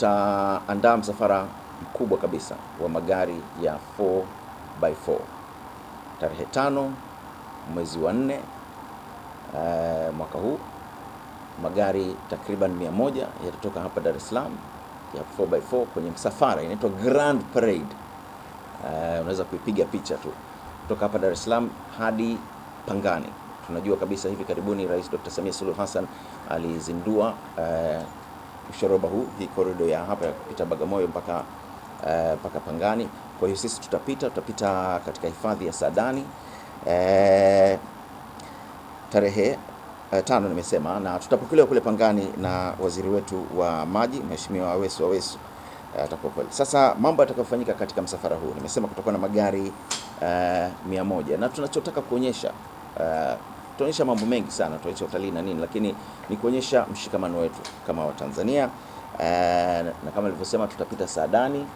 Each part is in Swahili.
tutaandaa msafara mkubwa kabisa wa magari ya 4x4 tarehe tano mwezi wa nne e, mwaka huu magari takriban mia moja yatatoka hapa Dar es Salaam ya 4x4 kwenye msafara inaitwa Grand Parade. Uh, unaweza kuipiga picha tu kutoka hapa Dar es Salaam hadi Pangani. Tunajua kabisa hivi karibuni Rais Dr. Samia Suluhu Hassan alizindua uh, ushoroba huu, hii korido ya hapa ya kupita Bagamoyo mpaka eh, mpaka Pangani. Kwa hiyo sisi tutapita tutapita katika hifadhi ya Saadani uh, eh, tarehe uh, tano nimesema, na tutapokelewa kule Pangani na waziri wetu wa maji Mheshimiwa Aweso Aweso atakuwa pale. Sasa mambo yatakayofanyika katika msafara huu nimesema, kutakuwa na magari uh, mia moja na tunachotaka kuonyesha uh, tutaonyesha mambo mengi sana, tutaonyesha utalii na nini, lakini ni kuonyesha mshikamano wetu kama Watanzania eh, na kama nilivyosema tutapita Saadani.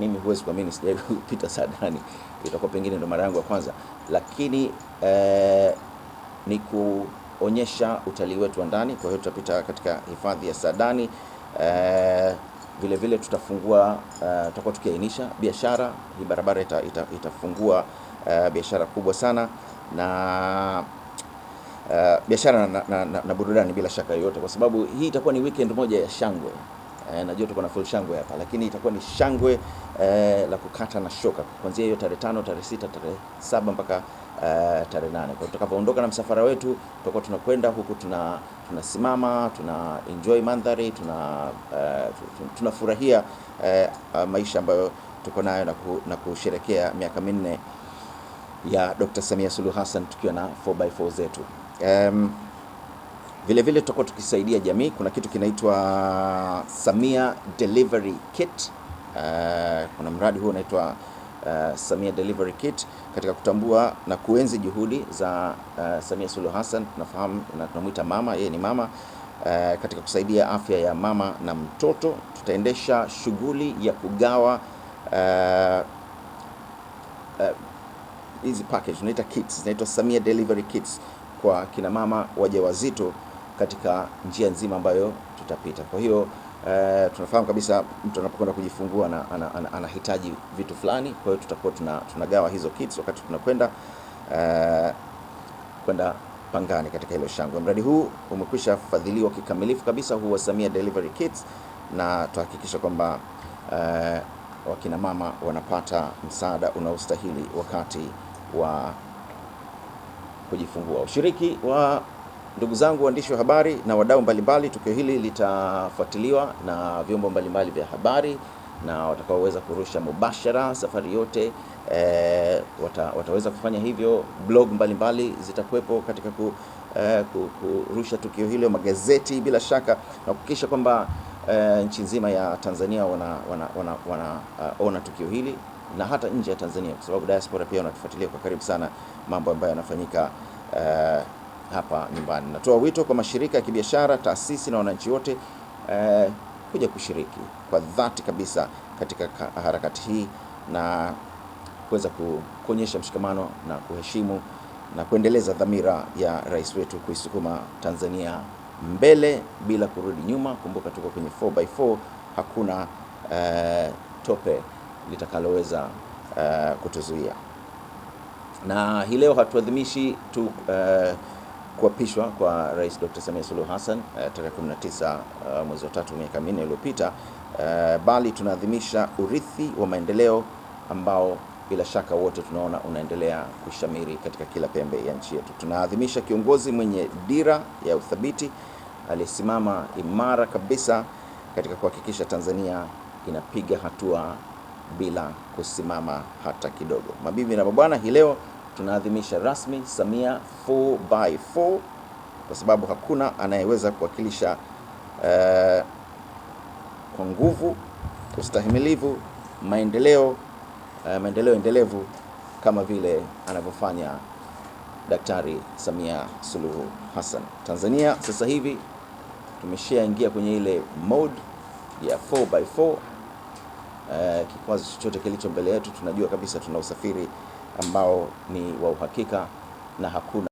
Mimi huwezi kuamini sijawahi kupita Saadani, itakuwa pengine ndo mara yangu ya kwanza, lakini eh, ni kuonyesha utalii wetu wa ndani. Kwa hiyo tutapita katika hifadhi ya Saadani eh, vile vile tutafungua uh, tutakuwa tukiainisha biashara. Hii barabara ita, ita, itafungua uh, biashara kubwa sana na uh, biashara na, na, na, na burudani bila shaka yoyote, kwa sababu hii itakuwa ni weekend moja ya shangwe eh, najua tuko na full shangwe hapa, lakini itakuwa ni shangwe eh, la kukata na shoka kuanzia hiyo tarehe tano, tarehe sita, tarehe saba mpaka Uh, tarehe nane. Kwa tutakapoondoka na msafara wetu tutakuwa tunakwenda huku, tuna tunasimama tuna enjoy mandhari tuna uh, tunafurahia uh, maisha ambayo tuko nayo na, ku, na kusherekea miaka minne ya Dr. Samia Suluhu Hassan tukiwa na 4x4 zetu. Um, vile vile tutakuwa tukisaidia jamii. Kuna kitu kinaitwa Samia Delivery Kit. Uh, kuna mradi huu unaitwa uh, Samia Delivery Kit katika kutambua na kuenzi juhudi za uh, Samia Suluhu Hassan, tunafahamu na tunamwita mama, yeye ni mama uh, katika kusaidia afya ya mama na mtoto. Tutaendesha shughuli ya kugawa hizi uh, uh, package unaita kits, zinaitwa Samia Delivery Kits kwa kinamama wajawazito katika njia nzima ambayo tutapita. Kwa hiyo eh, tunafahamu kabisa mtu anapokwenda kujifungua anahitaji ana, ana, vitu fulani. Kwa hiyo tutakuwa tuna, tunagawa hizo kits wakati tunakwenda eh, kwenda Pangani katika hilo shangwe. Mradi huu umekwisha fadhiliwa kikamilifu kabisa huwa Samia Delivery Kits na tuhakikisha kwamba eh, wakina mama wanapata msaada unaostahili wakati wa kujifungua. Ushiriki wa ndugu zangu waandishi wa habari na wadau mbalimbali, tukio hili litafuatiliwa na vyombo mbalimbali vya habari na watakaoweza kurusha mubashara safari yote e, wata, wataweza kufanya hivyo. Blog mbalimbali zitakuwepo katika ku, e, kurusha tukio hilo, magazeti bila shaka, na kuhakikisha kwamba e, nchi nzima ya Tanzania wanaona wana, wana, wana, uh, tukio hili na hata nje ya Tanzania, kwa sababu diaspora pia wanatufuatilia kwa karibu sana mambo ambayo yanafanyika eh, hapa nyumbani. Natoa wito kwa mashirika ya kibiashara, taasisi na wananchi wote eh, kuja kushiriki kwa dhati kabisa katika harakati hii na kuweza kuonyesha mshikamano na kuheshimu na kuendeleza dhamira ya rais wetu kuisukuma Tanzania mbele bila kurudi nyuma. Kumbuka tuko kwenye 4x4, hakuna eh, tope litakaloweza uh, kutuzuia. Na hii leo hatuadhimishi tu uh, kuapishwa kwa Rais Dr. Samia Suluhu Hassan uh, tarehe 19 uh, mwezi wa tatu miaka minne iliyopita uh, bali tunaadhimisha urithi wa maendeleo ambao bila shaka wote tunaona unaendelea kushamiri katika kila pembe ya nchi yetu. Tunaadhimisha kiongozi mwenye dira ya uthabiti aliyesimama imara kabisa katika kuhakikisha Tanzania inapiga hatua bila kusimama hata kidogo. Mabibi na mabwana, hii leo tunaadhimisha rasmi Samia 4x4 kwa sababu hakuna anayeweza kuwakilisha eh, kwa nguvu, ustahimilivu, maendeleo eh, maendeleo endelevu kama vile anavyofanya Daktari Samia Suluhu Hassan. Tanzania sasa hivi tumeshaingia kwenye ile mode ya 4x4 Eh, kikwazo chochote kilicho mbele yetu, tunajua kabisa tuna usafiri ambao ni wa uhakika na hakuna